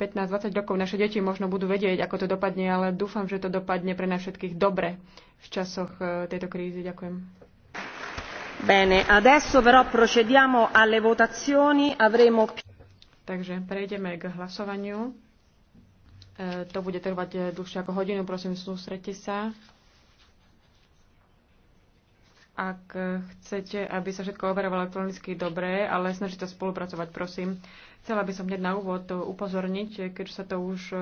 15-20 rokov naše deti možno budú vedieť, ako to dopadne, ale dúfam, že to dopadne pre nás všetkých dobre v časoch e, tejto krízy. Ďakujem. Bene, adesso però procediamo alle votazioni. Avremo... Takže prejdeme k hlasovaniu. E, to bude trvať e, dlhšie ako hodinu, prosím, sústredte sa. Ak chcete, aby sa všetko overovalo elektronicky, dobre, ale snažite spolupracovať, prosím. Chcela by som hneď na úvod upozorniť, keď sa to už e,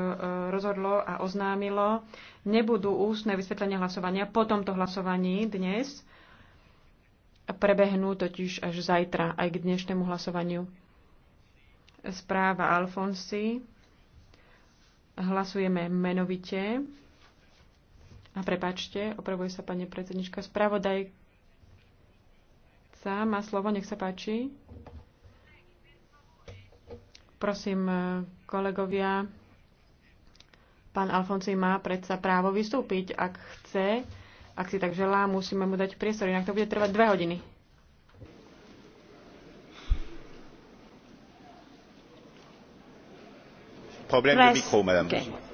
rozhodlo a oznámilo, nebudú ústne vysvetlenia hlasovania po tomto hlasovaní dnes. Prebehnú totiž až zajtra, aj k dnešnému hlasovaniu. Správa Alfonsi. Hlasujeme menovite. A prepačte, opravuje sa pani predsednička, spravodaj spravodajca má slovo, nech sa páči. Prosím, e, kolegovia, pán Alfonsi má predsa právo vystúpiť, ak chce, ak si tak želá, musíme mu dať priestor, inak to bude trvať dve hodiny. Problém de micro, madame. Okay.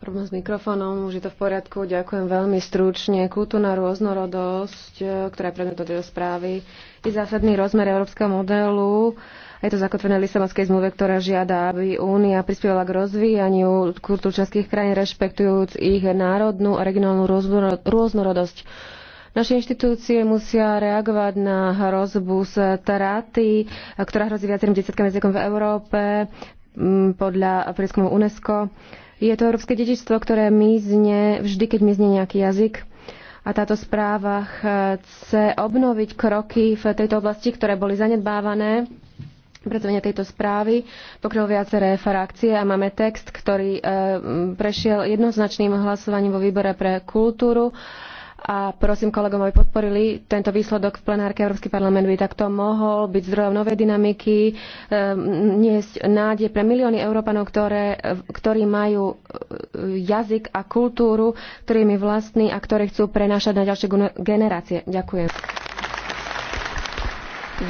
Problém s mikrofónom, už je to v poriadku. Ďakujem veľmi stručne. Kultúrna rôznorodosť, e, ktorá je predmetom tejto správy, je zásadný rozmer európskeho modelu. Je to zakotvené v Lisabonskej zmluve, ktorá žiada, aby Únia prispievala k rozvíjaniu členských krajín, rešpektujúc ich národnú a regionálnu rôznorodosť. Naše inštitúcie musia reagovať na hrozbu straty, e, ktorá hrozí viacerým desiatkám jazykom v Európe podľa prieskumu UNESCO. Je to európske dedičstvo, ktoré mizne vždy, keď mizne nejaký jazyk. A táto správa chce obnoviť kroky v tejto oblasti, ktoré boli zanedbávané predstavenia tejto správy pokryl viaceré frakcie a máme text, ktorý e, prešiel jednoznačným hlasovaním vo výbore pre kultúru. E, a prosím kolegom, aby podporili tento výsledok v plenárke. Európsky parlament by takto mohol byť zdrojom novej dynamiky, ehm, niesť nádej pre milióny Európanov, ktoré, ktorí majú e, jazyk a kultúru, ktorými je vlastní a ktoré chcú prenášať na ďalšie generácie. Ďakujem.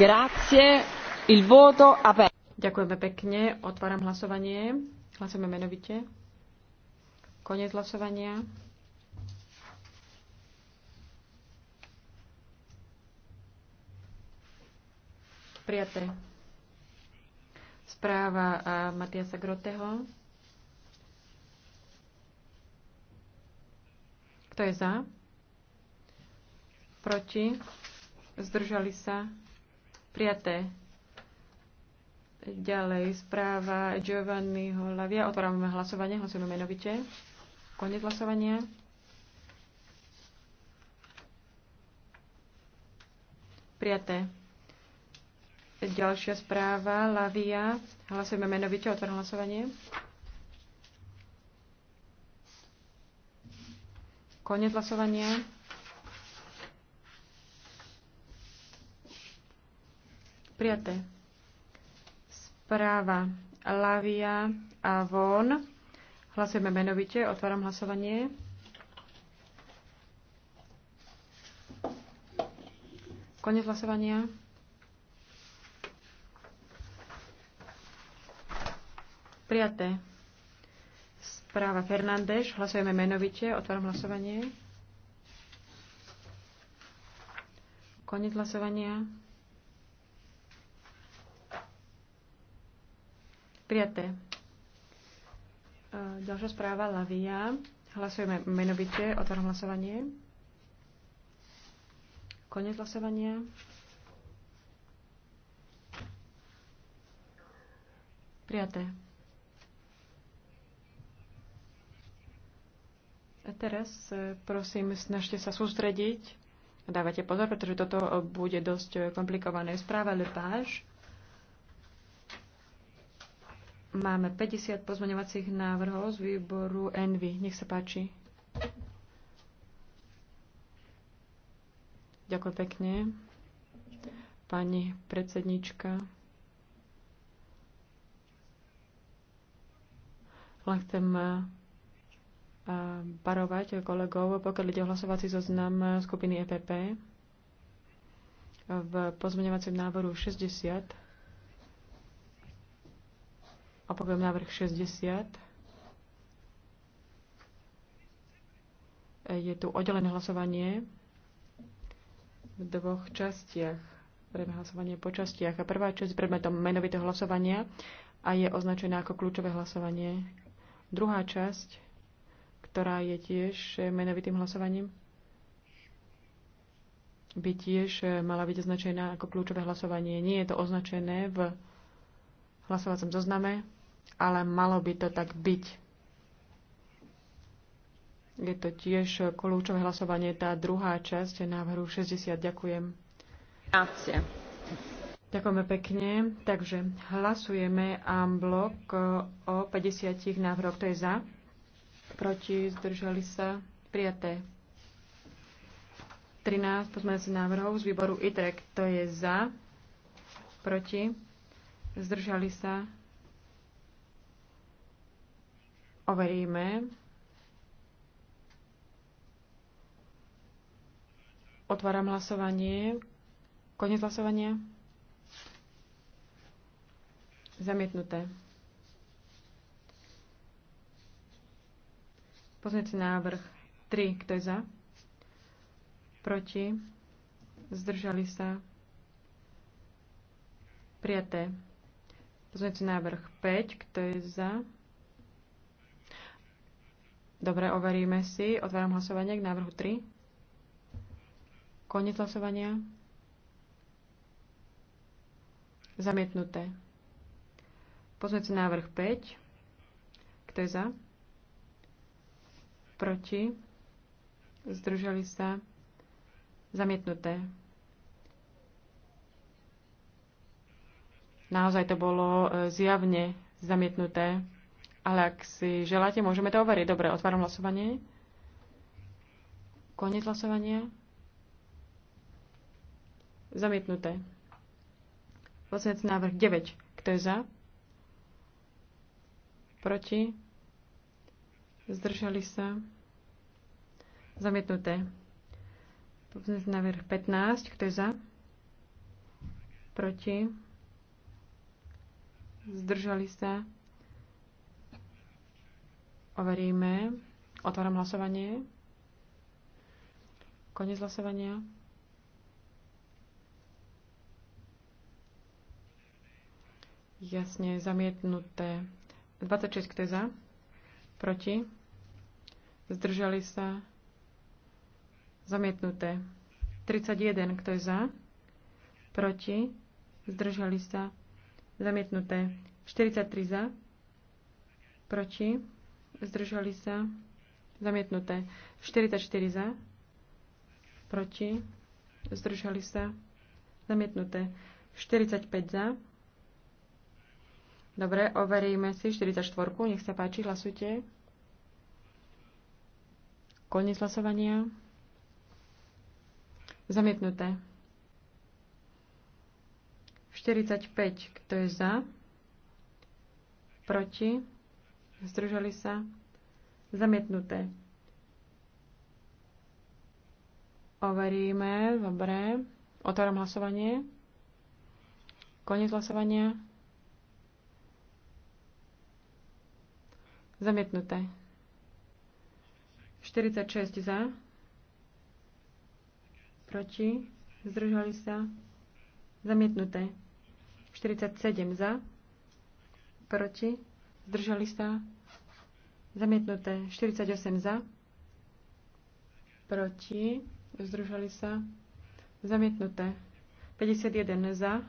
Grazie. Il voto aperto. Ďakujeme pekne. Otváram hlasovanie. Hlasujeme menovite. Koniec hlasovania. Prijaté. Správa Matiasa Groteho. Kto je za? Proti? Zdržali sa? Prijaté. Ďalej správa Giovanniho Lavia. Otvárame hlasovanie, hlasujeme menovite. Konec hlasovania. Prijaté. Ďalšia správa, Lavia. Hlasujeme menovite, otvorím hlasovanie. Konec hlasovania. Prijaté. Správa Lavia a Von. Hlasujeme menovite, otváram hlasovanie. Konec hlasovania. Prijaté. Správa Fernández. Hlasujeme menovite. Otváram hlasovanie. Konec hlasovania. Prijaté. E, ďalšia správa Lavia. Hlasujeme menovite. Otváram hlasovanie. Konec hlasovania. Prijaté. A Teraz e, prosím, snažte sa sústrediť. Dávate pozor, pretože toto bude dosť e, komplikované. Správa Lepáž. Máme 50 pozmeňovacích návrhov z výboru Envy. Nech sa páči. Ďakujem pekne. Pani predsednička. Len chcem e, parovať kolegov, pokiaľ ide o hlasovací zoznam skupiny EPP v pozmeňovacom návoru 60 Opakujem návrh 60. Je tu oddelené hlasovanie v dvoch častiach. Prvé hlasovanie po častiach. A prvá časť predmetom menovitého hlasovania a je označená ako kľúčové hlasovanie. Druhá časť ktorá je tiež eh, menovitým hlasovaním, by tiež eh, mala byť označená ako kľúčové hlasovanie. Nie je to označené v hlasovacom zozname, ale malo by to tak byť. Je to tiež eh, kľúčové hlasovanie, tá druhá časť návrhu 60. Ďakujem. Grazie. Ďakujeme pekne. Takže hlasujeme amblok blok o 50 návrhoch. To je za? proti, zdržali sa, prijaté. 13 pozmeňujúcich návrhov z výboru ITREK. To je za, proti, zdržali sa, overíme. Otváram hlasovanie. Koniec hlasovania. Zamietnuté. Pozmeňujúci návrh 3. Kto je za? Proti? Zdržali sa? Prijaté. Pozmeňujúci návrh 5. Kto je za? Dobre, overíme si. Otváram hlasovanie k návrhu 3. Koniec hlasovania. Zamietnuté. Pozmeňujúci návrh 5. Kto je za? proti, zdržali sa, zamietnuté. Naozaj to bolo e, zjavne zamietnuté, ale ak si želáte, môžeme to overiť. Dobre, otváram hlasovanie. Koniec hlasovania. Zamietnuté. Poslanec návrh 9. Kto je za? Proti? zdržali sa, zamietnuté. na návrh 15, kto je za, proti, zdržali sa, overíme, otváram hlasovanie, koniec hlasovania. Jasne, zamietnuté. 26, kto je za? Proti? zdržali sa, zamietnuté. 31, kto je za, proti, zdržali sa, zamietnuté. 43 za, proti, zdržali sa, zamietnuté. 44 za, proti, zdržali sa, zamietnuté. 45 za, Dobre, overíme si 44. Nech sa páči, hlasujte. Koniec hlasovania. Zamietnuté. 45. Kto je za? Proti? Zdržali sa? Zamietnuté. Overíme. Dobre. Otváram hlasovanie. Koniec hlasovania. Zamietnuté. 46 za, proti, zdržali sa, zamietnuté. 47 za, proti, zdržali sa, zamietnuté. 48 za, proti, zdržali sa, zamietnuté. 51 za,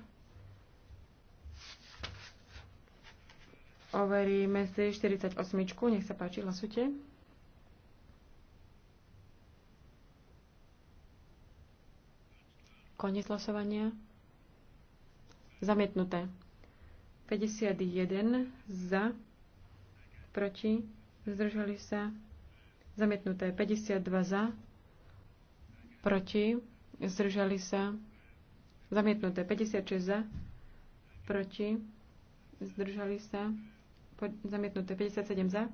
overíme si 48, nech sa páči, hlasujte. Koniec hlasovania. Zamietnuté. 51 za, proti, zdržali sa. Zamietnuté. 52 za, proti, zdržali sa. Zamietnuté. 56 za, proti, zdržali sa. Po, zamietnuté. 57 za,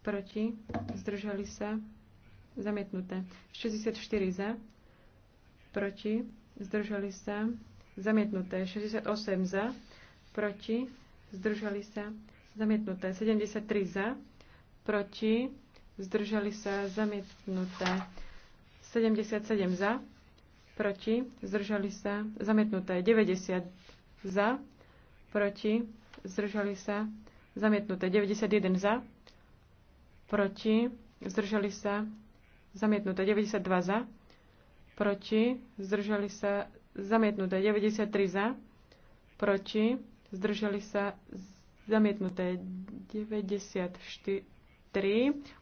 proti, zdržali sa. Zamietnuté. 64 za, proti, zdržali sa, zamietnuté. 68 za, proti, zdržali sa, zamietnuté. 73 za, proti, zdržali sa, zamietnuté. 77 za, proti, zdržali sa, zamietnuté. 90 za, proti, zdržali sa, zamietnuté. 91 za, proti, zdržali sa, zamietnuté. 92 za, proti, zdržali sa zamietnuté 93 za, proti, zdržali sa zamietnuté 94.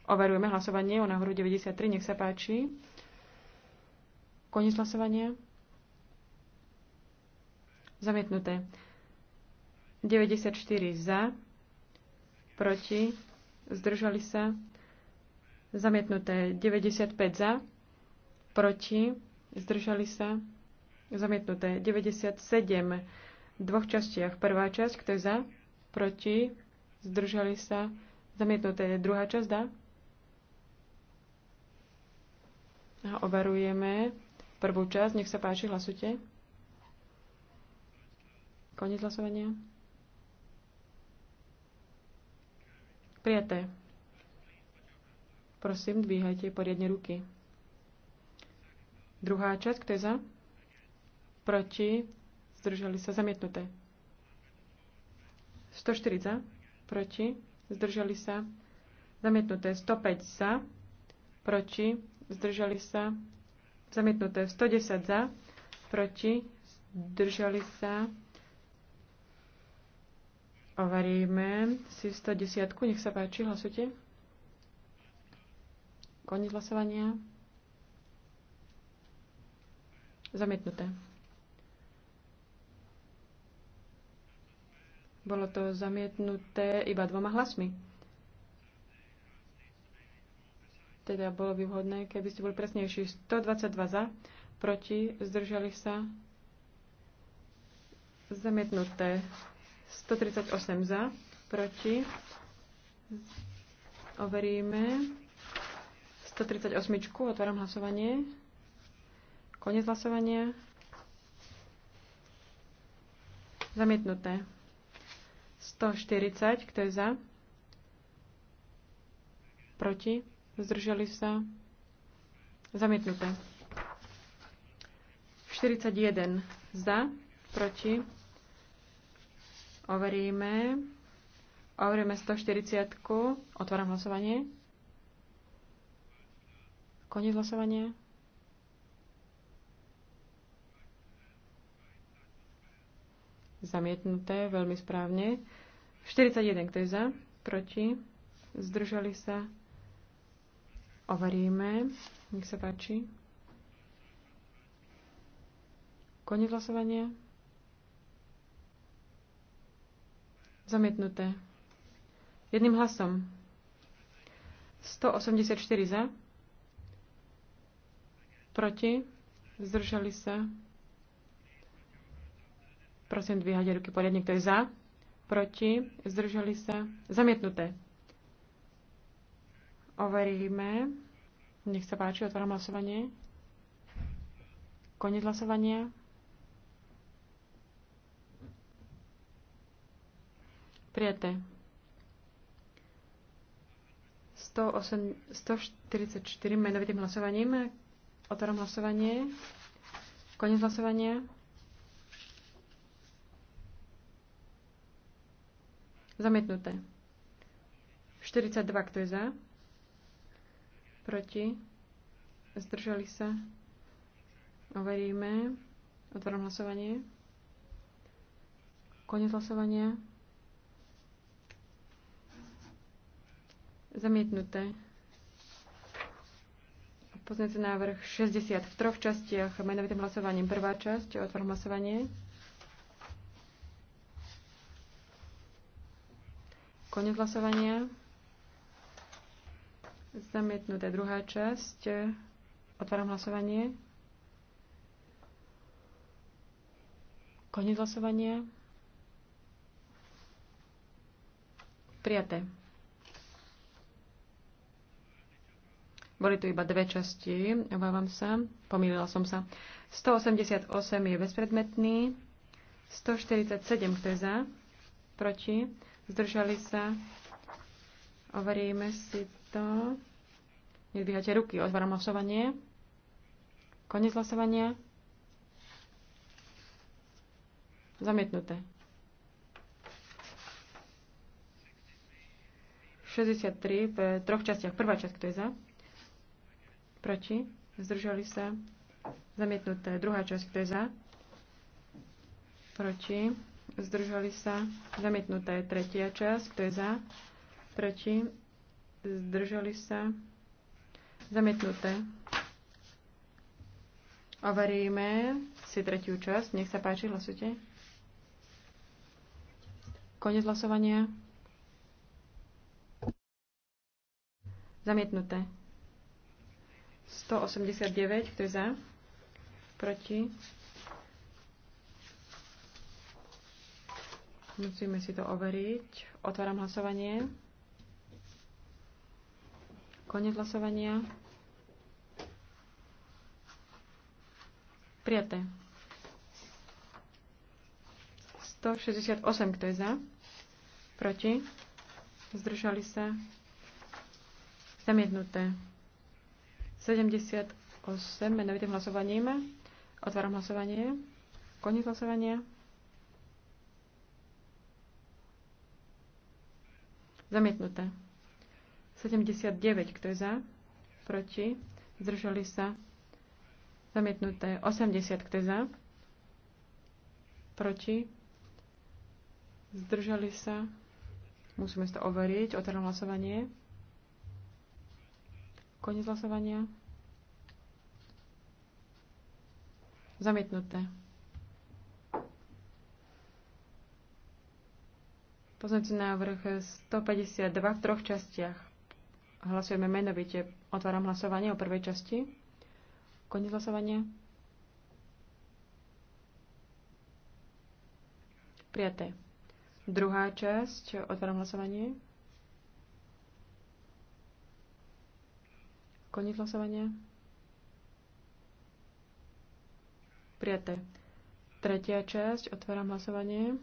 Overujeme hlasovanie o návrhu 93, nech sa páči. Koniec hlasovania. Zamietnuté. 94 za, proti, zdržali sa. Zamietnuté 95 za, proti, zdržali sa, zamietnuté. 97 v dvoch častiach. Prvá časť, kto je za, proti, zdržali sa, zamietnuté. Druhá časť, dá? A overujeme prvú časť. Nech sa páči, hlasujte. Koniec hlasovania. Prijaté. Prosím, dvíhajte poriadne ruky. Druhá časť, kto je za? Proti. Zdržali sa zamietnuté. 104 za. Proti. Zdržali sa. Zamietnuté 105 za. Proti. Zdržali sa. Zamietnuté 110 za. Proti. Zdržali sa. Ovaríme si 110. Nech sa páči, hlasujte. Koniec hlasovania. Zamietnuté. Bolo to zamietnuté iba dvoma hlasmi. Teda bolo by vhodné, keby ste boli presnejší. 122 za, proti, zdržali sa. Zamietnuté. 138 za, proti. Overíme. 138. Otváram hlasovanie. Konec hlasovania. Zamietnuté. 140, kto je za? Proti? Zdržali sa? Zamietnuté. 41 za, proti. Overíme. Overíme 140. Otváram hlasovanie. Koniec hlasovania. zamietnuté, veľmi správne. 41, kto je za, proti, zdržali sa, overíme, nech sa páči. Koniec hlasovania. Zamietnuté. Jedným hlasom. 184 za. Proti. Zdržali sa. Prosím, dvíhajte ruky poriadne. Kto je za? Proti? Zdržali sa? Zamietnuté. Overíme. Nech sa páči, otváram hlasovanie. Koniec hlasovania. Prijaté. 108, 144 menovitým hlasovaním. Otváram hlasovanie. Koniec hlasovania. Zamietnuté. 42, kto je za? Proti? Zdržali sa? Overíme. Otváram hlasovanie. Konec hlasovania. Zamietnuté. Poznací návrh 60 v troch častiach menovitým hlasovaním. Prvá časť, otvorím hlasovanie. koniec hlasovania. Zamietnutá druhá časť. Otváram hlasovanie. Koniec hlasovania. Prijaté. Boli tu iba dve časti, obávam sa. Pomýlila som sa. 188 je bezpredmetný. 147, kto je za? Proti? Zdržali sa? Overíme si to. Nedvíhate ruky. Otváram hlasovanie. Konec hlasovania. Zamietnuté. 63 v troch častiach. Prvá časť, kto je za? Proti? Zdržali sa? Zamietnuté. Druhá časť, kto je za? Proti? zdržali sa, zamietnutá je tretia časť, kto je za, proti, zdržali sa, zamietnuté. Overíme si tretiu časť, nech sa páči, hlasujte. Konec hlasovania. Zamietnuté. 189, kto je za? Proti? Musíme si to overiť. Otváram hlasovanie. Konec hlasovania. Prijaté. 168, kto je za? Proti? Zdržali sa? Zamietnuté. 78, menovitým hlasovaním. Otváram hlasovanie. Koniec hlasovania. Zamietnuté. 79. Kto je za? Proti. Zdržali sa. Zamietnuté. 80. Kto je za? Proti. Zdržali sa. Musíme si to overiť. Otvorím hlasovanie. Koniec hlasovania. Zamietnuté. Poznáte návrh 152 v troch častiach. Hlasujeme menovite. Otváram hlasovanie o prvej časti. Koniec hlasovania. Prijaté. Druhá časť. Otváram hlasovanie. Koniec hlasovania. Prijaté. Tretia časť. Otváram hlasovanie.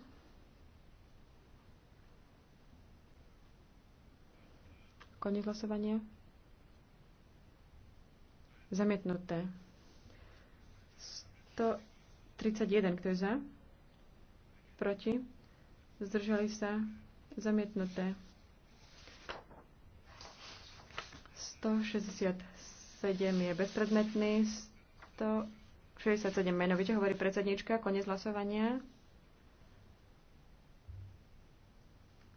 Koniec hlasovania. Zamietnuté. 131, kto je za? Proti? Zdržali sa? Zamietnuté. 167 je bezpredmetný. 167 menovite hovorí predsednička. koniec hlasovania.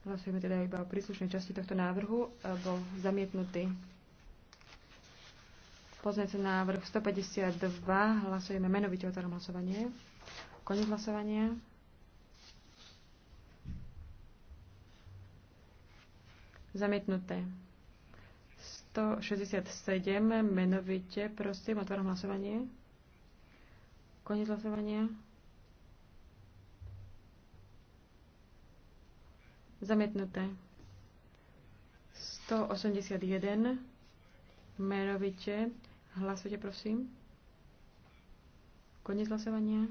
Hlasujeme teda iba o príslušnej časti tohto návrhu. E, bol zamietnutý sa návrh 152. Hlasujeme menovite o tom hlasovanie. Koniec hlasovania. Zamietnuté. 167. Menovite. Prosím, otváram hlasovanie. Koniec hlasovania. Zamietnuté. 181. Merovite. Hlasujte, prosím. Koniec hlasovania.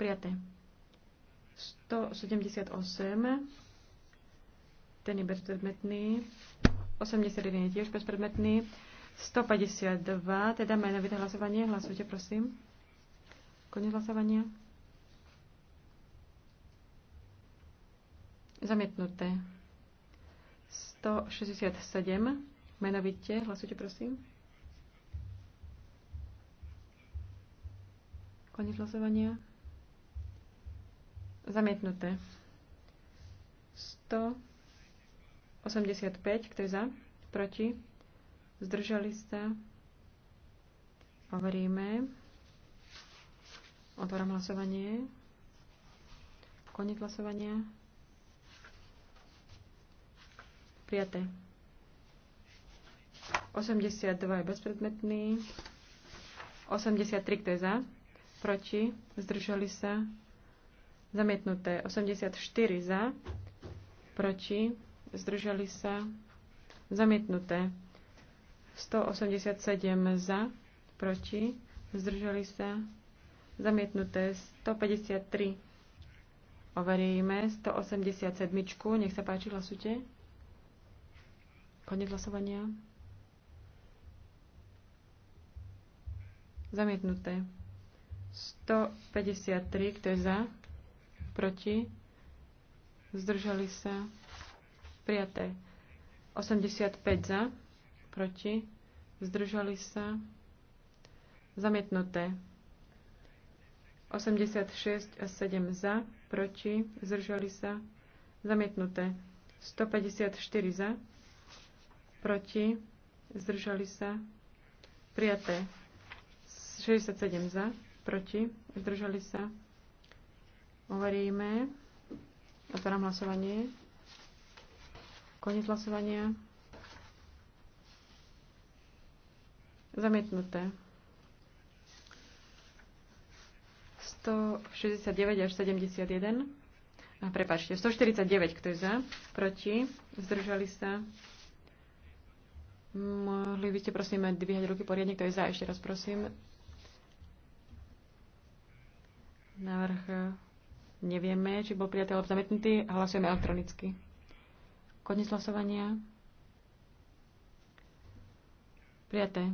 Prijaté. 178. Ten je bezpredmetný. 81 je tiež bezpredmetný. 152, teda menovité hlasovanie. Hlasujte, prosím. Koniec hlasovania. Zamietnuté. 167. Menovite. Hlasujte, prosím. Koniec hlasovania. Zamietnuté. 185. Kto je za? Proti? Zdržali sa? Overíme. Otváram hlasovanie. Koniec hlasovania. Prijaté. 82 je bezpredmetný. 83, kto je za? Proti? Zdržali sa? Zamietnuté. 84 za? Proti? Zdržali sa? Zamietnuté. 187 za? Proti? Zdržali sa? Zamietnuté. 153. Overíme 187. Nech sa páči, hlasujte. Konec hlasovania. Zamietnuté. 153, kto je za? Proti? Zdržali sa? Prijaté. 85 za? Proti? Zdržali sa? Zamietnuté. 86 a 7 za? Proti? Zdržali sa? Zamietnuté. 154 za? proti, zdržali sa, prijaté 67 za, proti, zdržali sa. Overíme. Otváram hlasovanie. Koniec hlasovania. Zamietnuté. 169 až 71. A prepáčte, 149, kto je za, proti, zdržali sa, Mohli by ste prosím dvíhať ruky poriadne, kto je za. Ešte raz prosím. Návrh e, nevieme, či bol prijatý alebo zamietnutý. Hlasujeme elektronicky. Koniec hlasovania. Prijaté.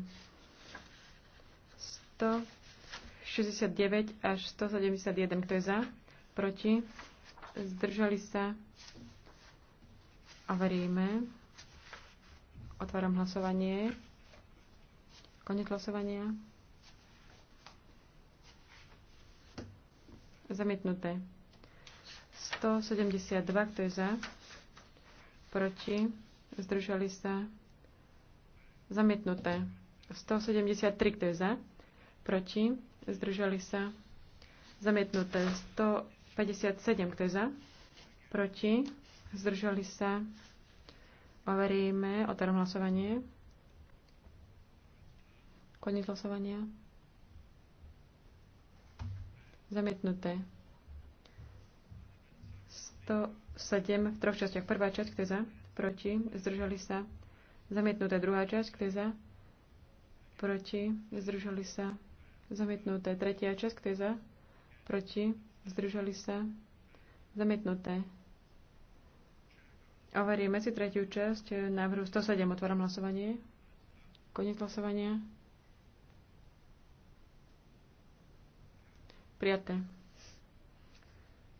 169 až 171. Kto je za? Proti? Zdržali sa? A veríme. Otváram hlasovanie. Konec hlasovania. Zamietnuté. 172, kto je za? Proti? Zdržali sa? Zamietnuté. 173, kto je za? Proti? Zdržali sa? Zamietnuté. 157, kto je za? Proti? Zdržali sa? Overíme, otvorím hlasovanie. Koniec hlasovania. Zamietnuté. 107 v troch častiach. Prvá časť, kto je za? Proti. Zdržali sa. Zamietnuté. Druhá časť, kto je za? Proti. Zdržali sa. Zamietnuté. Tretia časť, kto je za? Proti. Zdržali sa. Zamietnuté. Overíme si tretiu časť návrhu 107. Otváram hlasovanie. Koniec hlasovania. Prijaté.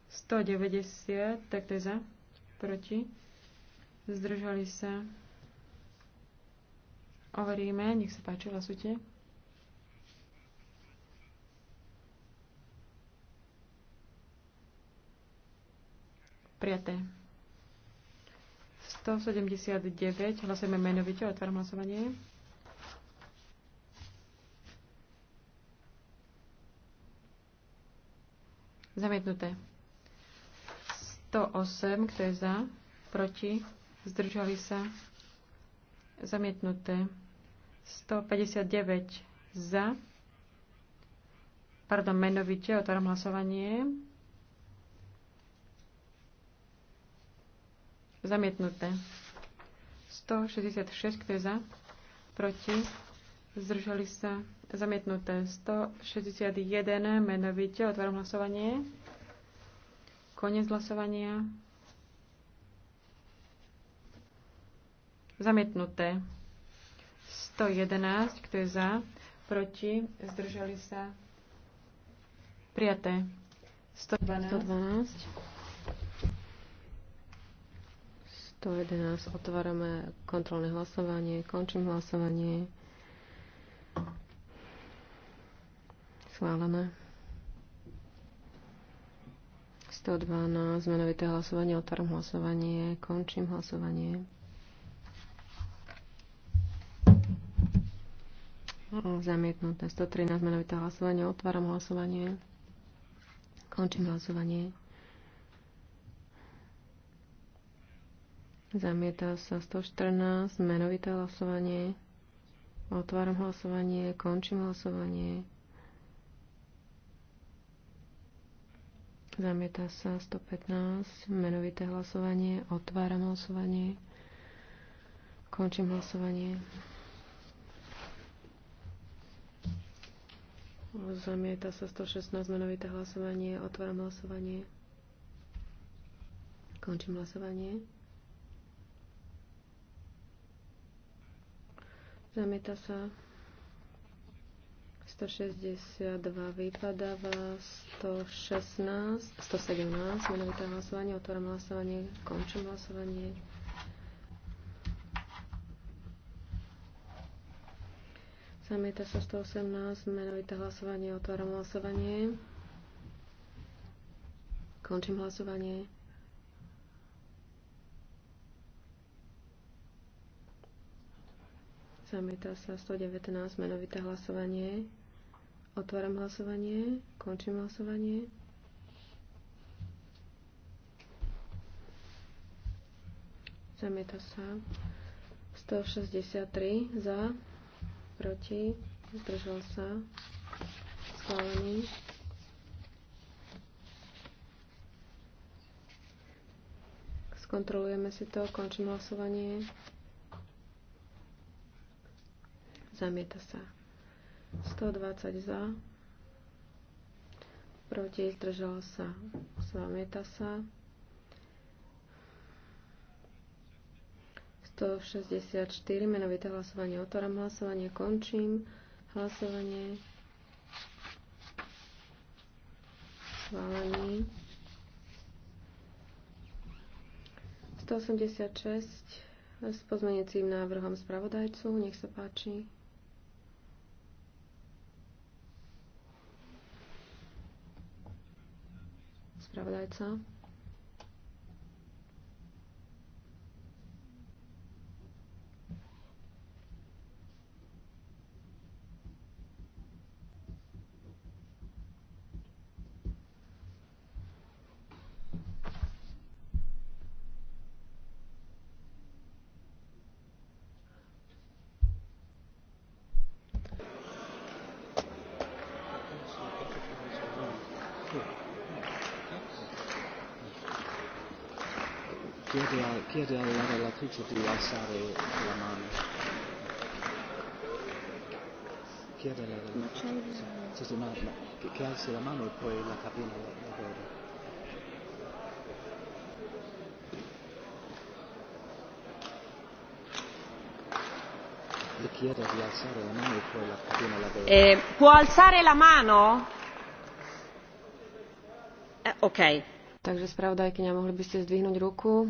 190, tak to je za, proti. Zdržali sa. Overíme, nech sa páči, hlasujte. Prijaté. 179. Hlasujeme menovite. Otváram hlasovanie. Zamietnuté. 108. Kto je za? Proti? Zdržali sa? Zamietnuté. 159 za. Pardon, menovite. Otváram hlasovanie. Zamietnuté. 166, kto je za? Proti? Zdržali sa? Zamietnuté. 161, menovite. Otváram hlasovanie. Konec hlasovania. Zamietnuté. 111, kto je za? Proti? Zdržali sa? Prijaté. 112. 112. 111 otvárame kontrolné hlasovanie, končím hlasovanie. Schválené. 112 zmenovité hlasovanie, otváram hlasovanie, končím hlasovanie. Zamietnuté 113 zmenovité hlasovanie, otváram hlasovanie, končím hlasovanie. Zamieta sa 114, menovité hlasovanie. Otváram hlasovanie, končím hlasovanie. Zamieta sa 115, menovité hlasovanie. Otváram hlasovanie, končím hlasovanie. Zamieta sa 116, menovité hlasovanie. Otváram hlasovanie, končím hlasovanie. Zamieta sa. 162 vypadáva, 116, 117, menovité hlasovanie, otváram hlasovanie, končím hlasovanie. Zamieta sa 118, menovité hlasovanie, otváram hlasovanie. Končím hlasovanie. Zamieta sa 119, menovité hlasovanie. Otváram hlasovanie, končím hlasovanie. Zamieta sa 163 za, proti, zdržal sa, schválený. Skontrolujeme si to, končím hlasovanie. Zamieta sa. 120 za. Proti zdržalo sa. Zamieta sa. 164 menovité hlasovanie. Otváram hlasovanie. Končím hlasovanie. Schválený. 186 s pozmeniacím návrhom spravodajcu. Nech sa páči. spravodajca. chiede alla relatrice di alzare la mano. Chiede alla relatrice sì, sì, che, che alzi la mano e poi la cabina Le chiedo di alzare la mano e poi la cabina Eh, può alzare la mano? Eh, ok. Takže spravodajkyňa, mohli by ste zdvihnúť ruku?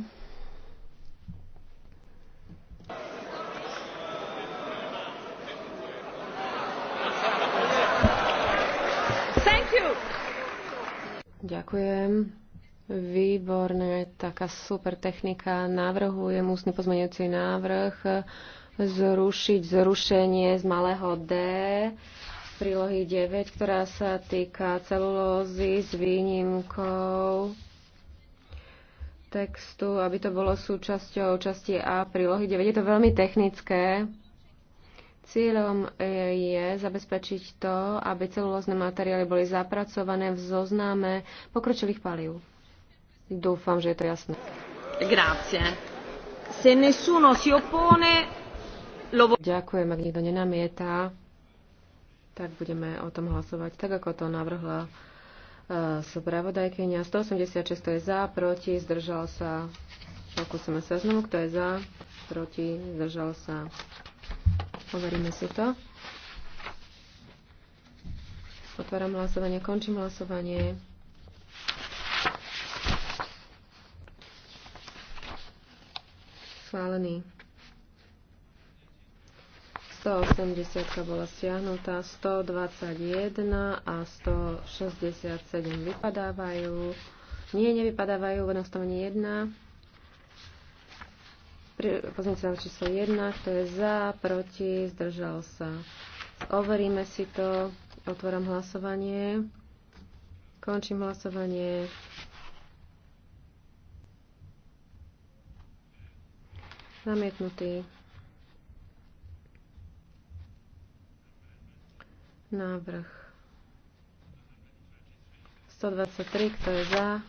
Ďakujem. Výborné, taká super technika. Je musný pozmeňujúci návrh zrušiť zrušenie z malého D prílohy 9, ktorá sa týka celulózy s výnimkou textu, aby to bolo súčasťou časti A prílohy 9. Je to veľmi technické. Cieľom e, je zabezpečiť to, aby celulózne materiály boli zapracované v zozname pokročilých palív. Dúfam, že je to jasné. Grazie. Se nessuno si opone, lo... Ďakujem, ak nikto nenamietá, tak budeme o tom hlasovať, tak ako to navrhla uh, e, spravodajkynia. 186 to je za, proti, zdržal sa. Pokúsime sa znovu, kto je za, proti, zdržal sa. Overíme si to. Otváram hlasovanie, končím hlasovanie. Schválený. 180 bola stiahnutá, 121 a 167 vypadávajú. Nie, nevypadávajú, len 1. Pozrite sa na číslo 1, kto je za, proti, zdržal sa. Overíme si to. Otváram hlasovanie. Končím hlasovanie. Zamietnutý. Návrh. 123, kto je za?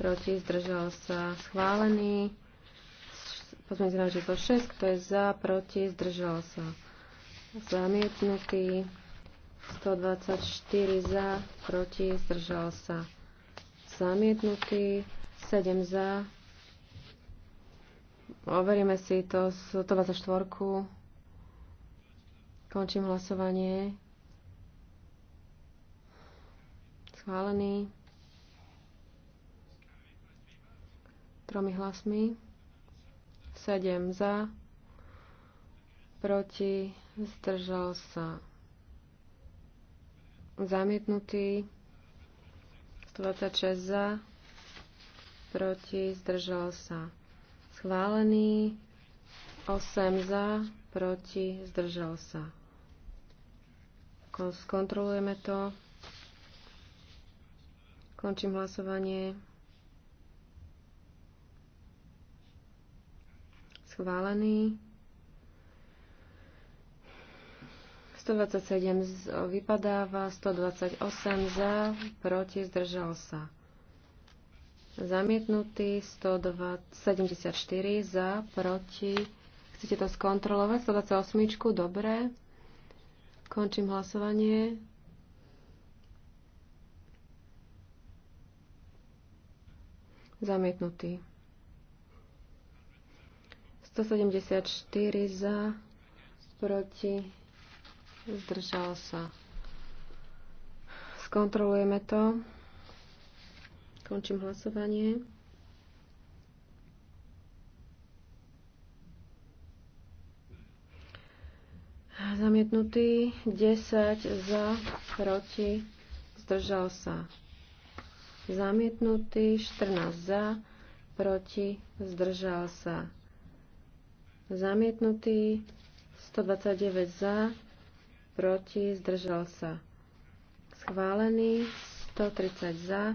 Proti, zdržal sa. Schválený. Pozmeňujúci na číslo 6, kto je za, proti, zdržal sa. Zamietnutý. 124 za, proti, zdržal sa. Zamietnutý. 7 za. Overíme si to 124. Končím hlasovanie. Schválený. Tromi hlasmi. 7 za, proti, zdržal sa zamietnutý, 126 za, proti, zdržal sa schválený, 8 za, proti, zdržal sa. Skontrolujeme to. Končím hlasovanie. schválený. 127 vypadáva, 128 za, proti, zdržal sa. Zamietnutý 174 za, proti. Chcete to skontrolovať? 128, dobre. Končím hlasovanie. Zamietnutý. 174 za, proti, zdržal sa. Skontrolujeme to. Končím hlasovanie. Zamietnutý 10 za, proti, zdržal sa. Zamietnutý 14 za, proti, zdržal sa Zamietnutý. 129 za. Proti. Zdržal sa. Schválený. 130 za.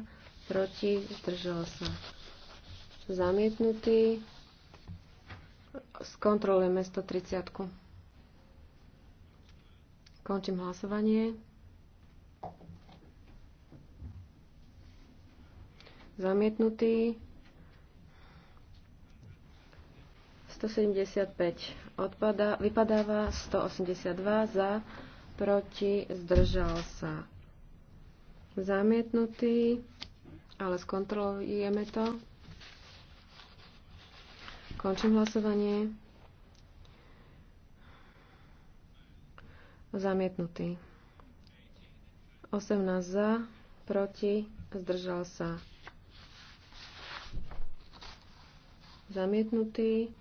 Proti. Zdržal sa. Zamietnutý. Skontrolujeme 130. Končím hlasovanie. Zamietnutý. 175 odpada, vypadáva, 182 za, proti, zdržal sa. Zamietnutý, ale skontrolujeme to. Končím hlasovanie. Zamietnutý. 18 za, proti, zdržal sa. Zamietnutý.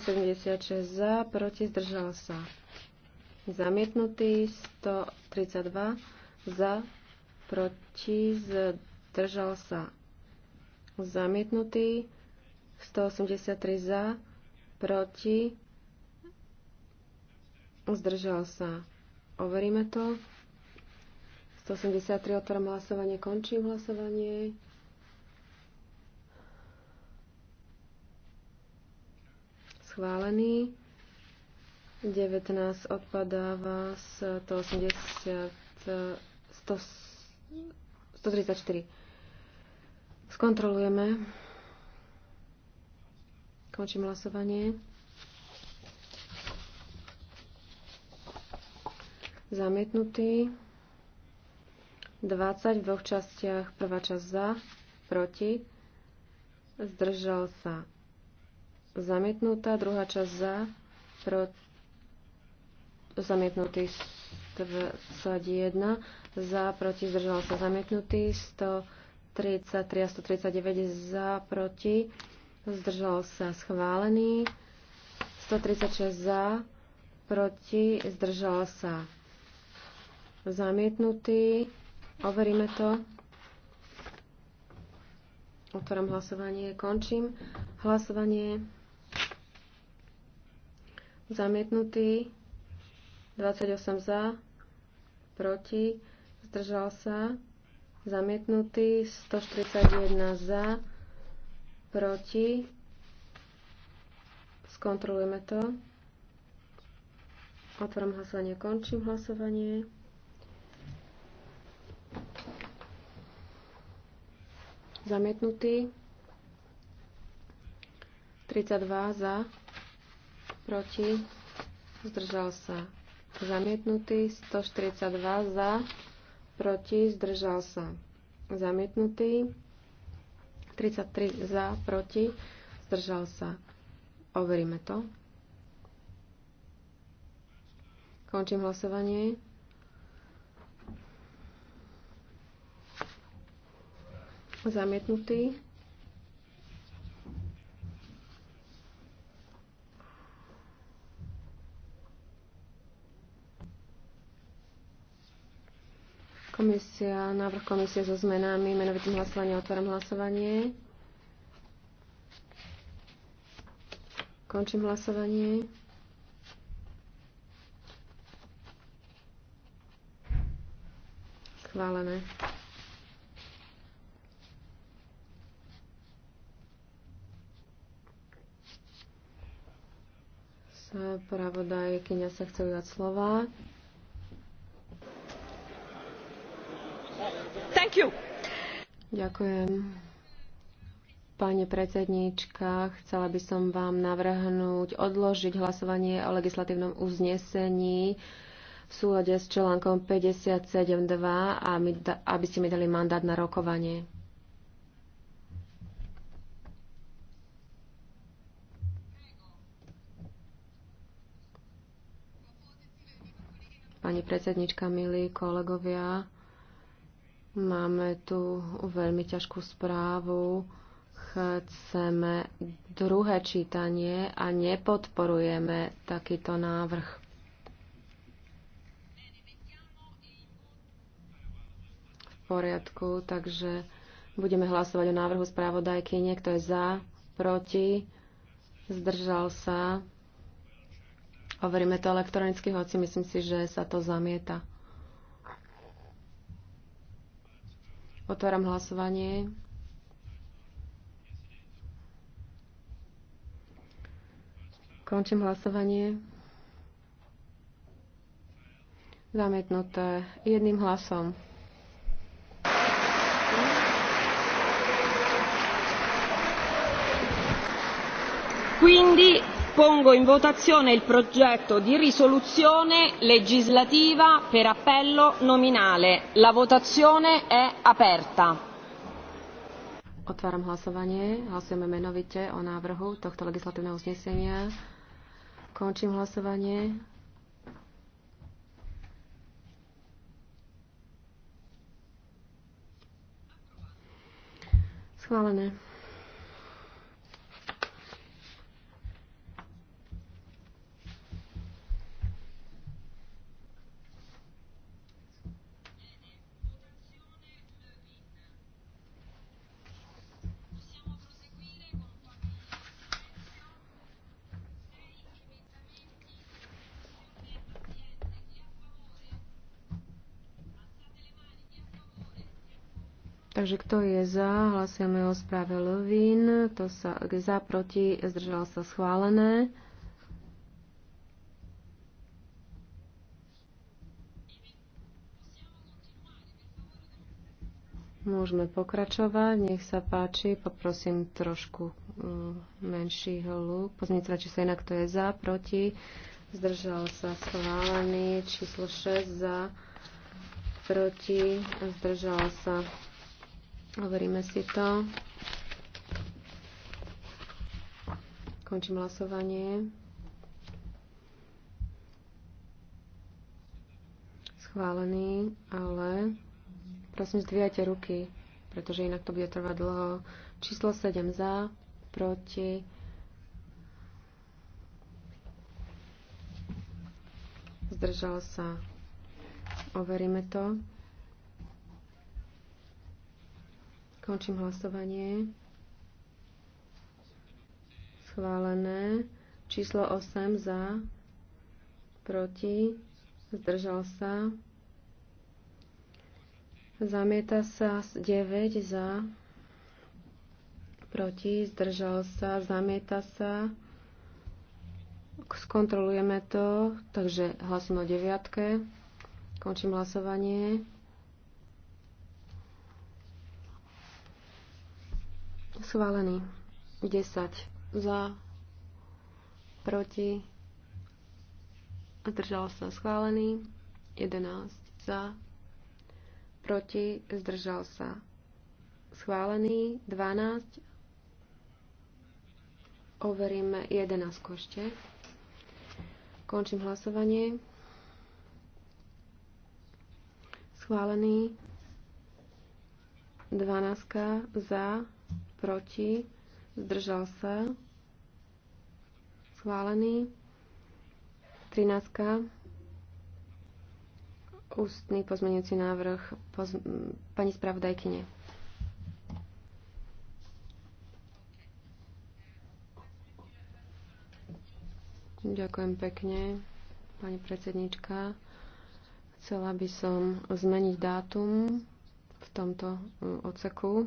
176 za, proti, zdržal sa. Zamietnutý 132 za, proti, zdržal sa. Zamietnutý 183 za, proti, zdržal sa. Overíme to. 183 otváram hlasovanie, končím hlasovanie. schválený. 19 odpadáva z 180, 100, 134. Skontrolujeme. Končím hlasovanie. Zamietnutý. 20 v dvoch častiach. Prvá časť za, proti. Zdržal sa zamietnutá, druhá časť za, pro, zamietnutý 21, za, proti, zdržal sa zamietnutý, 133 a 139 za, proti, zdržal sa schválený, 136 za, proti, zdržal sa zamietnutý, overíme to. Otváram hlasovanie, končím hlasovanie. Zamietnutý. 28 za. Proti. Zdržal sa. Zamietnutý. 141 za. Proti. Skontrolujeme to. Otvorím hlasovanie, končím hlasovanie. Zamietnutý. 32 za proti, zdržal sa zamietnutý, 142 za, proti, zdržal sa zamietnutý, 33 za, proti, zdržal sa. Overíme to. Končím hlasovanie. Zamietnutý. Komisia, návrh komisie so zmenami, menovitým hlasovaním otváram hlasovanie. Končím hlasovanie. Schválené. Pravodajkyňa sa chce ujať slova. Thank you. Ďakujem. Pani predsedníčka, chcela by som vám navrhnúť odložiť hlasovanie o legislatívnom uznesení v súlade s článkom 57.2 a aby ste mi dali mandát na rokovanie. Pani predsednička, milí kolegovia, Máme tu veľmi ťažkú správu. Chceme druhé čítanie a nepodporujeme takýto návrh. V poriadku, takže budeme hlasovať o návrhu správodajky. Niekto je za, proti, zdržal sa. Overíme to elektronicky, hoci myslím si, že sa to zamieta. Otváram hlasovanie. Končím hlasovanie. Zamietnuté jedným hlasom. Quindi pongo in votazione il progetto di risoluzione legislativa per appello nominale. La votazione è aperta. Otváram hlasovanie. Hlasujeme menovite o návrhu tohto legislatívneho uznesenia. Končím hlasovanie. Schválené. Takže kto je za, hlasujeme o správe Lovín. To sa za, proti, zdržal sa schválené. Môžeme pokračovať, nech sa páči, poprosím trošku mm, menší hluk. Pozmite sa inak, kto je za, proti, zdržal sa schválený, číslo 6 za, proti, zdržal sa Overíme si to. Končím hlasovanie. Schválený, ale prosím zdvíjajte ruky, pretože inak to bude trvať dlho. Číslo 7 za, proti. Zdržal sa. Overíme to. Končím hlasovanie. Schválené. Číslo 8 za. Proti. Zdržal sa. Zamieta sa 9 za. Proti. Zdržal sa. Zamieta sa. Skontrolujeme to. Takže hlasujem o deviatke. Končím hlasovanie. Schválený. 10 za, proti, zdržal sa schválený, 11 za, proti, zdržal sa schválený, 12, overíme 11 ešte. Končím hlasovanie. Schválený. 12 za, proti, zdržal sa, schválený. 13. Ústny pozmenujúci návrh poz... pani spravodajkyne. Ďakujem pekne, pani predsednička. Chcela by som zmeniť dátum v tomto mm, odseku.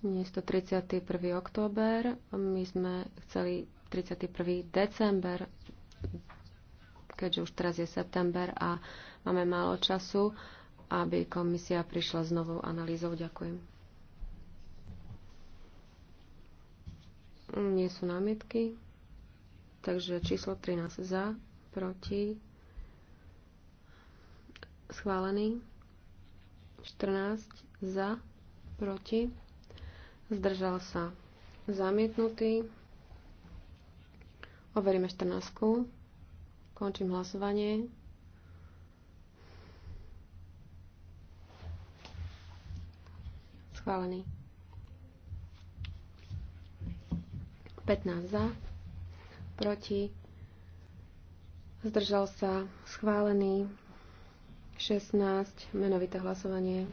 Dnes to 31. október, my sme chceli 31. december, keďže už teraz je september a máme málo času, aby komisia prišla s novou analýzou. Ďakujem. Nie sú námietky, takže číslo 13 za, proti, schválený, 14 za, proti, Zdržal sa. Zamietnutý. Overíme 14. Končím hlasovanie. Schválený. 15 za. Proti. Zdržal sa. Schválený. 16. Menovité hlasovanie.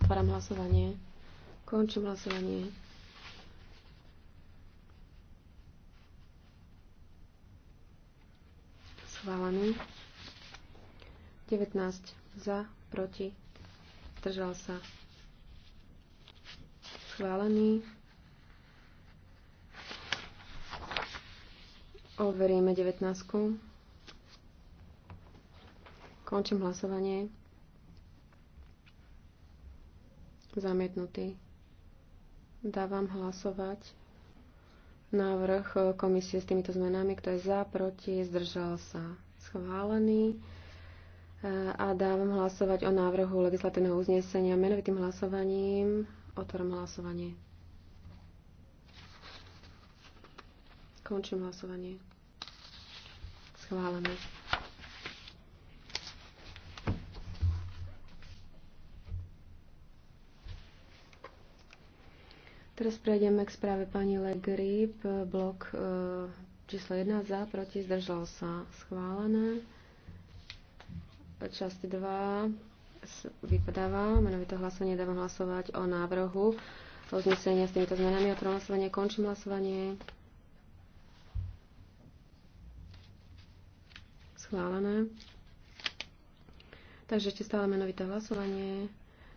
Otváram hlasovanie. Končím hlasovanie. Schválený. 19 za, proti, držal sa. Schválený. Overíme 19. Končím hlasovanie. Zamietnutý. Dávam hlasovať návrh komisie s týmito zmenami, kto je za, proti, zdržal sa schválený. E, a dávam hlasovať o návrhu legislatívneho uznesenia menovitým hlasovaním. Otvorím hlasovanie. Končím hlasovanie. Schválené. Teraz prejdeme k správe pani Legrip, blok e, číslo 1 za, proti, zdržal sa schválené. Časť 2 vypadáva, menovité hlasovanie dávam hlasovať o návrhu uznesenia s týmito zmenami a pro hlasovanie končím hlasovanie. Schválené. Takže ešte stále menovité hlasovanie.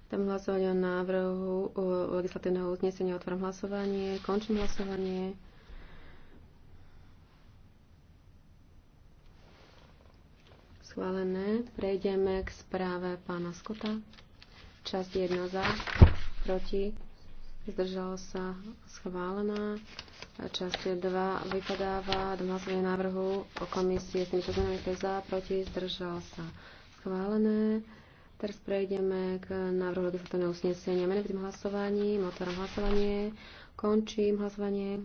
Dám hlasovanie o návrhu o legislatívneho uznesenia. Otváram hlasovanie. Končím hlasovanie. Schválené. Prejdeme k správe pána Skota. Časť 1 za, proti, zdržalo sa, schválená. Časť 2 vypadáva. do hlasovanie návrhu o komisie s tým, čo za, proti, zdržalo sa, schválené. Teraz prejdeme k návrhu legislatívneho usnesenia. Menovitým hlasovaním, otváram hlasovanie, končím hlasovanie.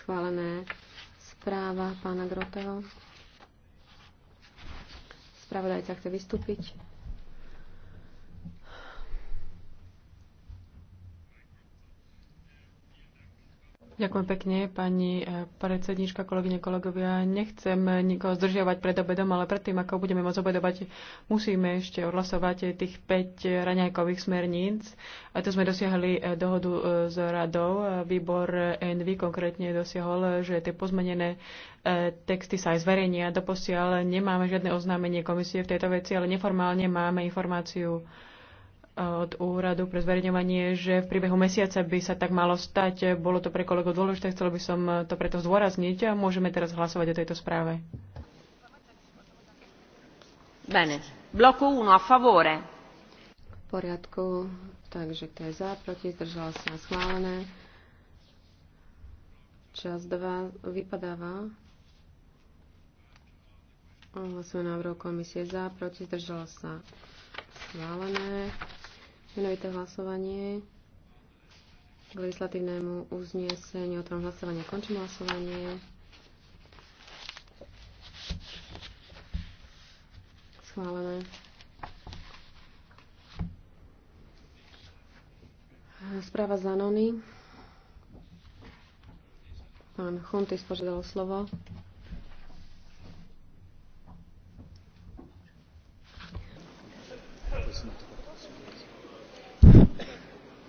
Schválené správa pána Groteho. Spravodajca chce vystúpiť. Ďakujem pekne, pani e, predsednička, kolegyne, kolegovia. Nechcem nikoho zdržiavať pred obedom, ale predtým, ako budeme môcť obedovať, musíme ešte odhlasovať tých 5 raňajkových smerníc. A to sme dosiahli e, dohodu e, s radou. Výbor ENVY konkrétne dosiahol, že tie pozmenené texty sa aj zverejnia. Doposiaľ nemáme žiadne oznámenie komisie v tejto veci, ale neformálne máme informáciu od úradu pre zverejňovanie, že v priebehu mesiaca by sa tak malo stať. Bolo to pre kolegov dôležité, chcel by som to preto zdôrazniť a môžeme teraz hlasovať o tejto správe. Bene. Bloku 1 a favore. V poriadku. Takže kto je za, proti, zdržala sa schválené. Čas 2 vypadáva. Hlasujem návrhu komisie za, proti, zdržala sa schválené. Menovité hlasovanie k legislatívnemu uzneseniu o hlasovanie. Končím hlasovanie. Schválené. Správa z Anony. Pán Chuntis požiadal slovo.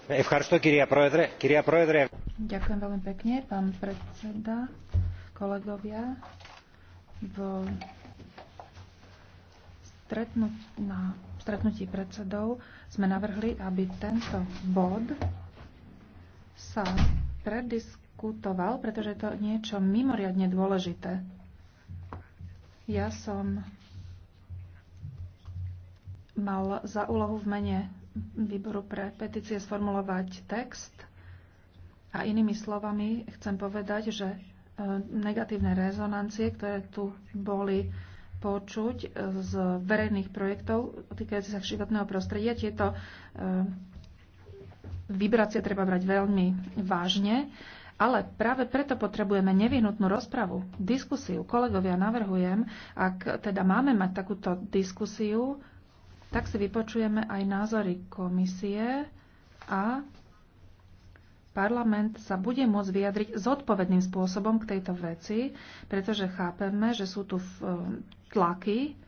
Ďakujem veľmi pekne, pán predseda, kolegovia. V stretnutí predsedov sme navrhli, aby tento bod sa prediskutoval, pretože je to niečo mimoriadne dôležité. Ja som mal za úlohu v mene výboru pre petície sformulovať text. A inými slovami chcem povedať, že e, negatívne rezonancie, ktoré tu boli počuť e, z verejných projektov týkajúcich sa životného prostredia, tieto e, vibrácie treba brať veľmi vážne. Ale práve preto potrebujeme nevyhnutnú rozpravu, diskusiu. Kolegovia, navrhujem, ak teda máme mať takúto diskusiu, tak si vypočujeme aj názory komisie a parlament sa bude môcť vyjadriť zodpovedným spôsobom k tejto veci, pretože chápeme, že sú tu e, tlaky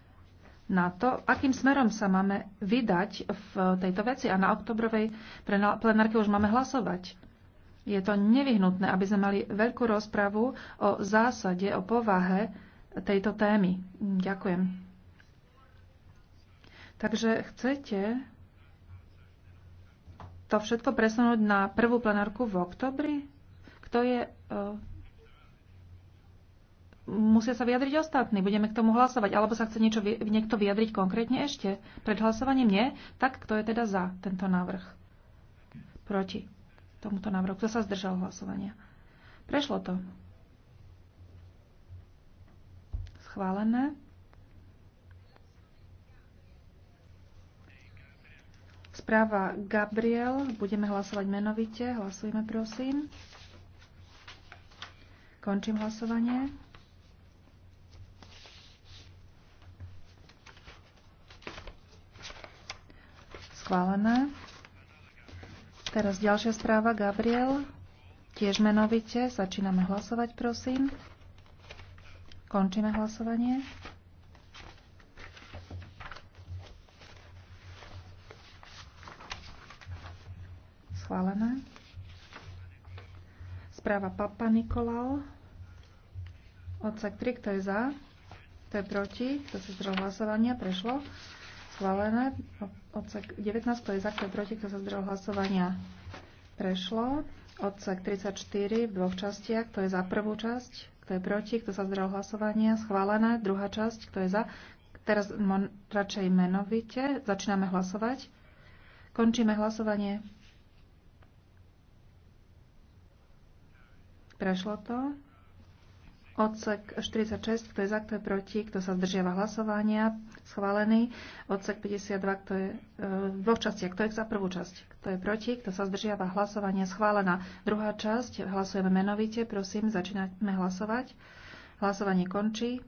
na to, akým smerom sa máme vydať v tejto veci. A na oktobrovej plenárke už máme hlasovať. Je to nevyhnutné, aby sme mali veľkú rozpravu o zásade, o povahe tejto témy. Ďakujem. Takže chcete to všetko presunúť na prvú plenárku v oktobri? Kto je... Uh, musia sa vyjadriť ostatní, budeme k tomu hlasovať, alebo sa chce niečo, niekto vyjadriť konkrétne ešte pred hlasovaním? Nie? Tak kto je teda za tento návrh? Proti tomuto návrhu. Kto sa zdržal hlasovania? Prešlo to. Schválené. Správa Gabriel. Budeme hlasovať menovite. Hlasujme, prosím. Končím hlasovanie. Schválené. Teraz ďalšia správa Gabriel. Tiež menovite. Začíname hlasovať, prosím. Končíme hlasovanie. schválené. Správa Papa Nikolau. Odsek 3, kto je za, kto je proti, kto sa zdržal hlasovania, prešlo. Schválené. Odsek 19, kto je za, kto je proti, kto sa zdržal hlasovania, prešlo. Odsek 34 v dvoch častiach, kto je za prvú časť, kto je proti, kto sa zdržal hlasovania, schválené. Druhá časť, kto je za, Teraz radšej menovite. Začíname hlasovať. Končíme hlasovanie. Prešlo to. Odsek 46, kto je za, kto je proti, kto sa zdržiava hlasovania, schválený. Odsek 52, kto je e, v dvoch častiach, kto je za prvú časť, kto je proti, kto sa zdržiava hlasovania, schválená. Druhá časť, hlasujeme menovite, prosím, začíname hlasovať. Hlasovanie končí.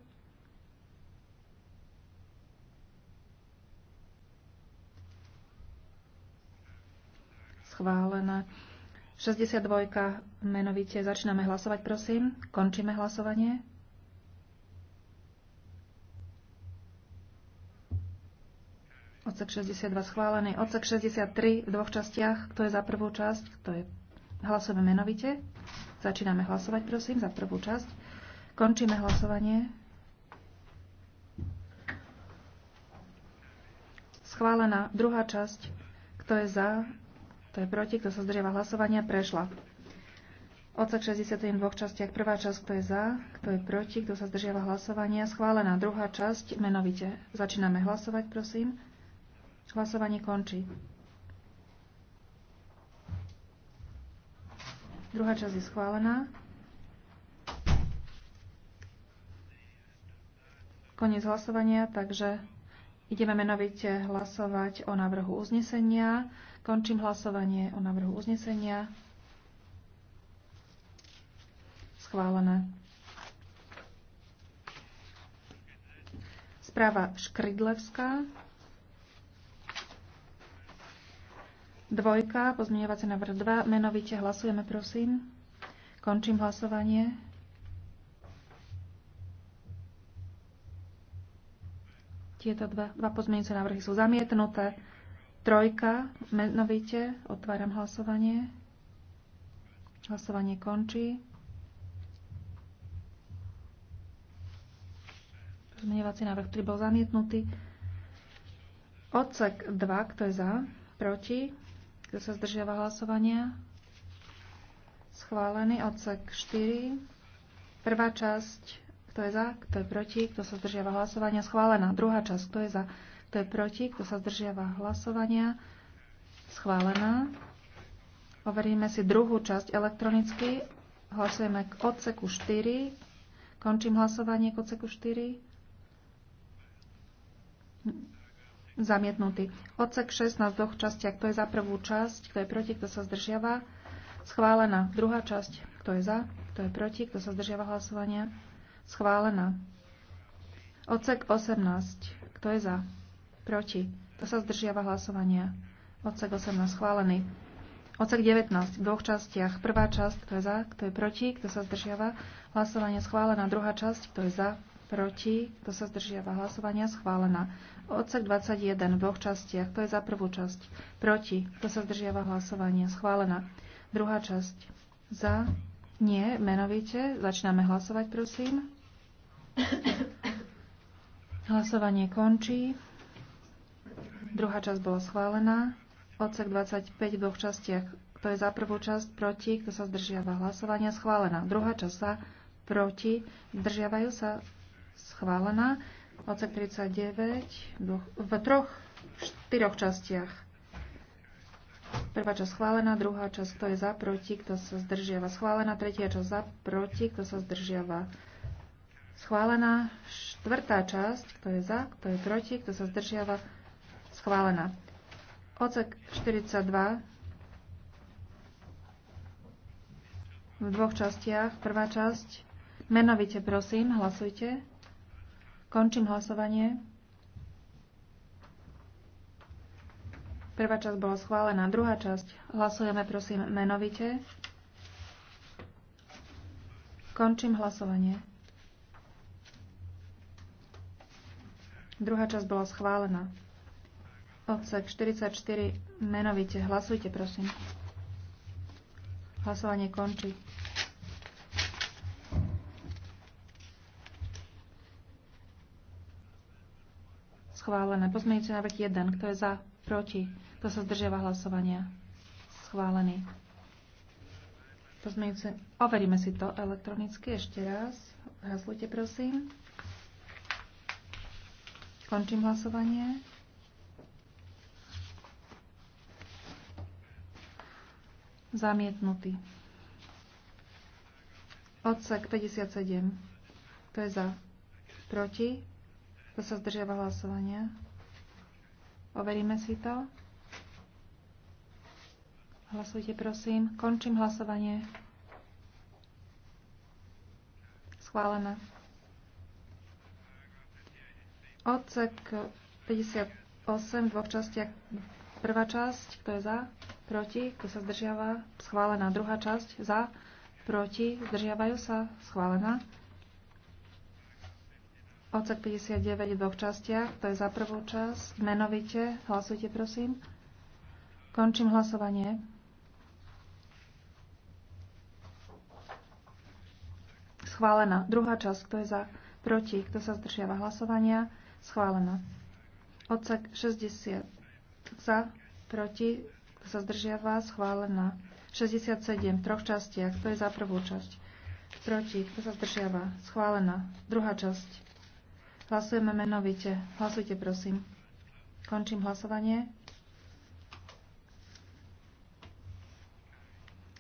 Schválené. 62. Menovite začíname hlasovať, prosím. Končíme hlasovanie. Odsek 62 schválený. Odsek 63 v dvoch častiach. Kto je za prvú časť? Kto je... Hlasujeme menovite. Začíname hlasovať, prosím, za prvú časť. Končíme hlasovanie. Schválená druhá časť. Kto je za? Kto je proti? Kto sa zdrieva hlasovania? Prešla. Odsek 60 v dvoch častiach. Prvá časť, kto je za, kto je proti, kto sa zdržiava hlasovania. Schválená druhá časť, menovite. Začíname hlasovať, prosím. Hlasovanie končí. Druhá časť je schválená. Koniec hlasovania, takže Ideme menovite hlasovať o návrhu uznesenia. Končím hlasovanie o návrhu uznesenia. Schválené. Správa Škridlevská. Dvojka, pozmeňovací návrh 2. Menovite hlasujeme, prosím. Končím hlasovanie. Tieto dva, dva pozmeňujúce návrhy sú zamietnuté. Trojka, menovite, otváram hlasovanie. Hlasovanie končí. Pozmeňovací návrh, 3 bol zamietnutý. Odsek 2, kto je za, proti, kto sa zdržiava hlasovania. Schválený odsek 4. Prvá časť kto je za? Kto je proti? Kto sa zdržiava hlasovania? Schválená. Druhá časť. Kto je za? Kto je proti? Kto sa zdržiava hlasovania? Schválená. Overíme si druhú časť elektronicky. Hlasujeme k odseku 4. Končím hlasovanie k odseku 4. Zamietnutý. Odsek 6 na dvoch častiach. Kto je za prvú časť? Kto je proti? Kto sa zdržiava? Schválená. Druhá časť. Kto je za? Kto je proti? Kto sa zdržiava hlasovania? Schválená. Odsek 18. Kto je za? Proti. To sa zdržiava hlasovania. Odsek 18. Schválený. Odsek 19. V dvoch častiach. Prvá časť. Kto je za? Kto je proti? Kto sa zdržiava? Hlasovanie schválená. Druhá časť. Kto je za? Proti. Kto sa zdržiava? Hlasovania schválená. Odsek 21. V dvoch častiach. Kto je za prvú časť? Proti. Kto sa zdržiava? Hlasovania schválená. Druhá časť. Za? Nie. Menovite. Začíname hlasovať, prosím. Hlasovanie končí. Druhá časť bola schválená. Odsek 25 v dvoch častiach. Kto je za prvú časť proti, kto sa zdržiava hlasovania, schválená. Druhá časť sa proti, zdržiavajú sa, schválená. Odsek 39 dvoch, v troch, štyroch častiach. Prvá časť schválená, druhá časť, kto je za, proti, kto sa zdržiava, schválená. Tretia časť za, proti, kto sa zdržiava, Schválená štvrtá časť, kto je za, kto je proti, kto sa zdržiava, schválená. Ocek 42 v dvoch častiach. Prvá časť, menovite prosím, hlasujte. Končím hlasovanie. Prvá časť bola schválená. Druhá časť, hlasujeme prosím menovite. Končím hlasovanie. Druhá časť bola schválená. Odsek 44 menovite. Hlasujte, prosím. Hlasovanie končí. Schválené. Pozmeňujúci návrh 1. Kto je za? Proti. Kto sa zdržiava hlasovania? Schválený. Pozmeňujúci... Overíme si to elektronicky ešte raz. Hlasujte, prosím. Končím hlasovanie. Zamietnutý. Odsek 57. To je za. Proti. To sa zdržiava hlasovania. Overíme si to. Hlasujte prosím. Končím hlasovanie. Schválené. Odsek 58 v dvoch častiach. Prvá časť, kto je za, proti, kto sa zdržiava, schválená. Druhá časť, za, proti, zdržiavajú sa, schválená. Odsek 59 v dvoch častiach, to je za prvú časť, menovite, hlasujte prosím. Končím hlasovanie. Schválená. Druhá časť, kto je za, proti, kto sa zdržiava hlasovania. Schválená. Odsek 60 za, proti, sa zdržiava, schválená. 67 v troch častiach, to je za prvú časť. Proti, kto sa zdržiava, schválená. Druhá časť. Hlasujeme menovite. Hlasujte, prosím. Končím hlasovanie.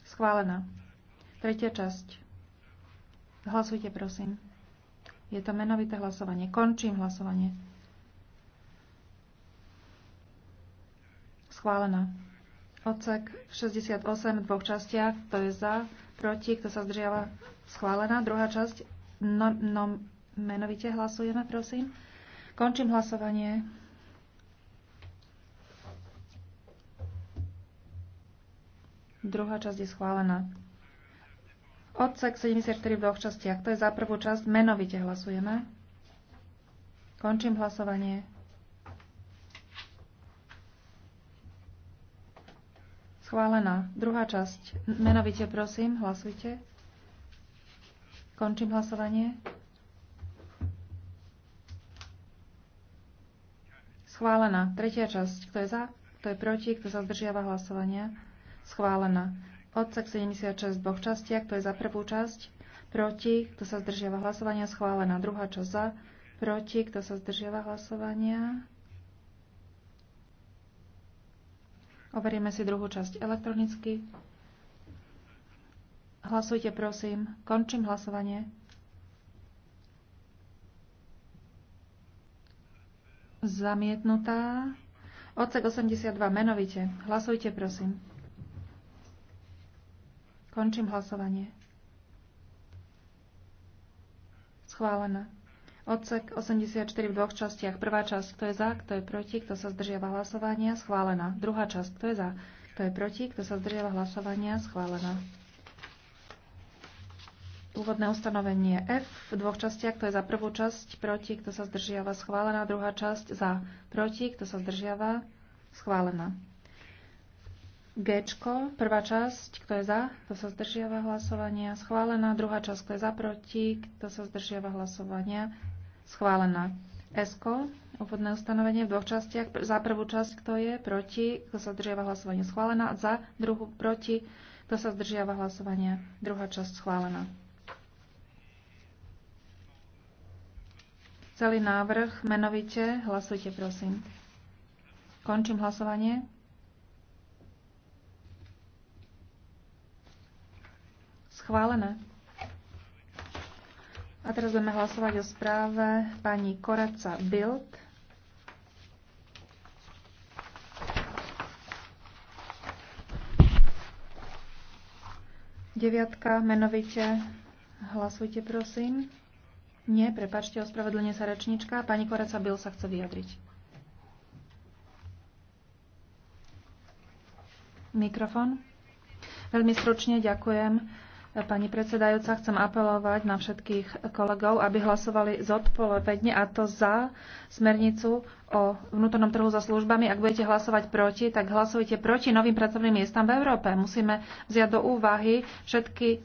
Schválená. Tretia časť. Hlasujte, prosím. Je to menovité hlasovanie. Končím hlasovanie. Schválená. Odsek 68 v dvoch častiach. Kto je za, proti, kto sa zdržiava. Schválená. Druhá časť. No, no, menovite hlasujeme, prosím. Končím hlasovanie. Druhá časť je schválená. Odsek 74 v dvoch častiach. To je za prvú časť. Menovite hlasujeme. Končím hlasovanie. Schválená. Druhá časť. Menovite prosím, hlasujte. Končím hlasovanie. Schválená. Tretia časť. Kto je za? Kto je proti? Kto sa zdržiava hlasovania? Schválená. Odsek 76 v dvoch častiach, to je za prvú časť, proti, kto sa zdržiava hlasovania, schválená druhá časť za, proti, kto sa zdržiava hlasovania. Overíme si druhú časť elektronicky. Hlasujte, prosím. Končím hlasovanie. Zamietnutá. Odsek 82, menovite. Hlasujte, prosím. Končím hlasovanie. Schválené. Odsek 84 v dvoch častiach. Prvá časť, kto je za, kto je proti, kto sa zdržiava hlasovania, schválená. Druhá časť, kto je za, kto je proti, kto sa zdržiava hlasovania, schválená. Úvodné ustanovenie F v dvoch častiach, kto je za prvú časť, proti, kto sa zdržiava, schválená. Druhá časť, za, proti, kto sa zdržiava, schválená. G, prvá časť, kto je za, kto sa zdržiava hlasovania, schválená. Druhá časť, kto je za, proti, kto sa zdržiava hlasovania, schválená. S, úvodné ustanovenie v dvoch častiach. Za prvú časť, kto je, proti, kto sa zdržiava hlasovania, schválená. Za druhú, proti, kto sa zdržiava hlasovania, druhá časť, schválená. Celý návrh menovite hlasujte, prosím. Končím hlasovanie. Schválené. A teraz budeme hlasovať o správe pani Koraca Bild. Deviatka, menovite. Hlasujte, prosím. Nie, prepačte, ospravedlne sa rečnička. Pani Koraca Bil sa chce vyjadriť. Mikrofón. Veľmi stručne ďakujem. Pani predsedajúca, chcem apelovať na všetkých kolegov, aby hlasovali zodpovedne a to za smernicu o vnútornom trhu za službami. Ak budete hlasovať proti, tak hlasujte proti novým pracovným miestam v Európe. Musíme vziať do úvahy všetky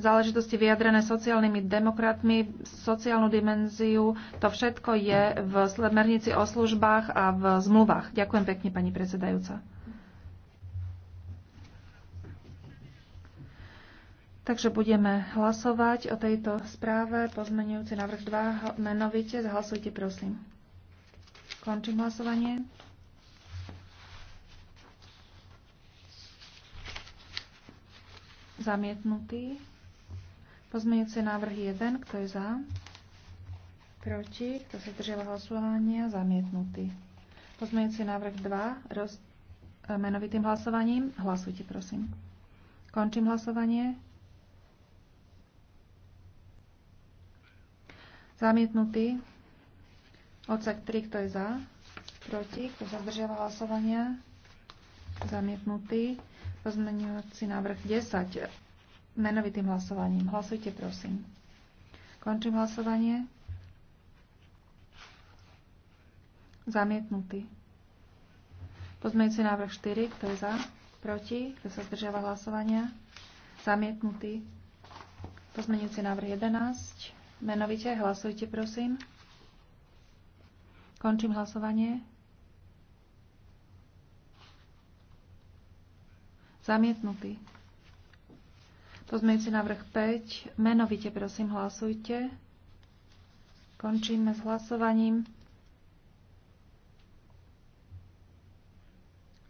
záležitosti vyjadrené sociálnymi demokratmi, sociálnu dimenziu. To všetko je v smernici o službách a v zmluvách. Ďakujem pekne, pani predsedajúca. Takže budeme hlasovať o tejto správe. Pozmenujúci návrh 2 menovite. Zahlasujte, prosím. Končím hlasovanie. Zamietnutý. Pozmenujúci návrh 1. Kto je za? Proti. Kto sa zdržiava hlasovania? Zamietnutý. Pozmenujúci návrh 2. Roz... E, menovitým hlasovaním. Hlasujte, prosím. Končím hlasovanie. Zamietnutý. Odsek 3, kto je za? Proti. Kto sa zdržiava hlasovania? Zamietnutý. Pozmeňujúci návrh 10. Menovitým hlasovaním. Hlasujte, prosím. Končím hlasovanie. Zamietnutý. Pozmeňujúci návrh 4. Kto je za? Proti. Kto sa zdržiava hlasovania? Zamietnutý. Pozmeňujúci návrh 11. Menovite hlasujte, prosím. Končím hlasovanie. Zamietnutý. Pozmejte návrh 5. Menovite, prosím, hlasujte. Končíme s hlasovaním.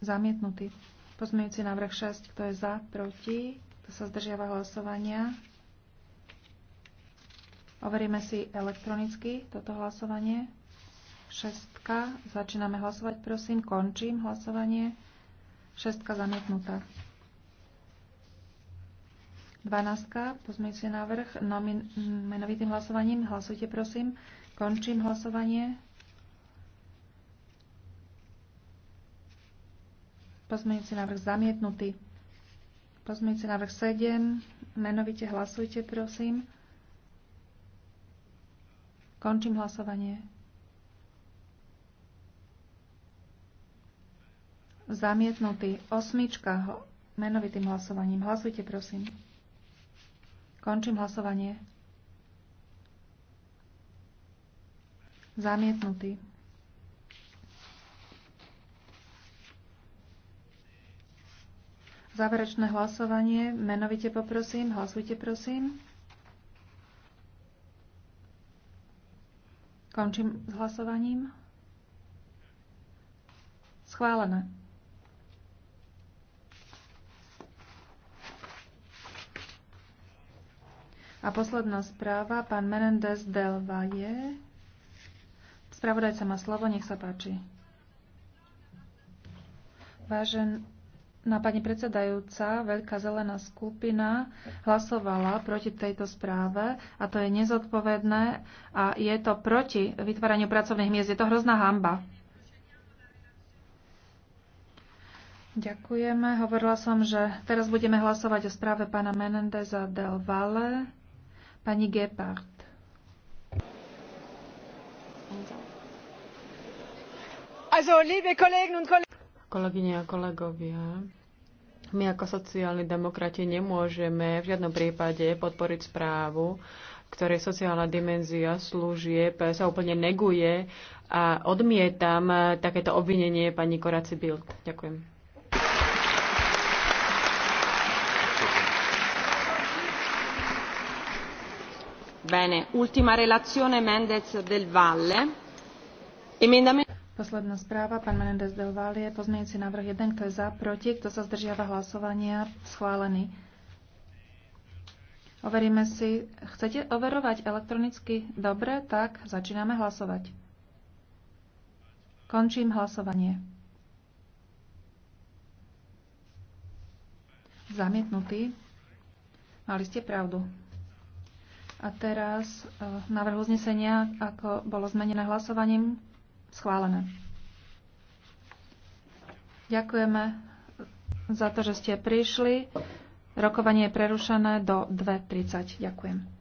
Zamietnutý. Pozmejte návrh 6. Kto je za? Proti? Kto sa zdržiava hlasovania? Overíme si elektronicky toto hlasovanie. Šestka. Začíname hlasovať, prosím. Končím hlasovanie. Šestka zamietnutá. Dvanáctka. Pozmejte návrh. Nomin- menovitým hlasovaním. Hlasujte, prosím. Končím hlasovanie. Pozmeňujúci návrh zamietnutý. Pozmeňujúci návrh 7. Menovite hlasujte, prosím. Končím hlasovanie. Zamietnutý. Osmička. Menovitým hlasovaním. Hlasujte, prosím. Končím hlasovanie. Zamietnutý. Záverečné hlasovanie. Menovite poprosím. Hlasujte, prosím. Končím s hlasovaním. Schválené. A posledná správa, pán Menendez del Valle. Spravodajca má slovo, nech sa páči. Vážen, na no pani predsedajúca, veľká zelená skupina hlasovala proti tejto správe a to je nezodpovedné a je to proti vytváraniu pracovných miest. Je to hrozná hamba. Ďakujeme. Hovorila som, že teraz budeme hlasovať o správe pána Menendeza del Valle. Pani Gepard. Also, liebe Kollegen und Kollegen, Kolegyne a kolegovia, my ako sociálni demokrati nemôžeme v žiadnom prípade podporiť správu, ktorej sociálna dimenzia služieb sa úplne neguje a odmietam takéto obvinenie pani Koraci Bild. Ďakujem. Bene, ultima relazione Mendez del Valle. Emendamento Posledná správa, pán Menendez del Valle, pozmeňujúci návrh 1, kto je za, proti, kto sa zdržiava hlasovania, schválený. Overíme si, chcete overovať elektronicky? Dobre, tak začíname hlasovať. Končím hlasovanie. Zamietnutý. Mali ste pravdu. A teraz eh, návrh uznesenia, ako bolo zmenené hlasovaním. Schválené. Ďakujeme za to, že ste prišli. Rokovanie je prerušené do 2.30. Ďakujem.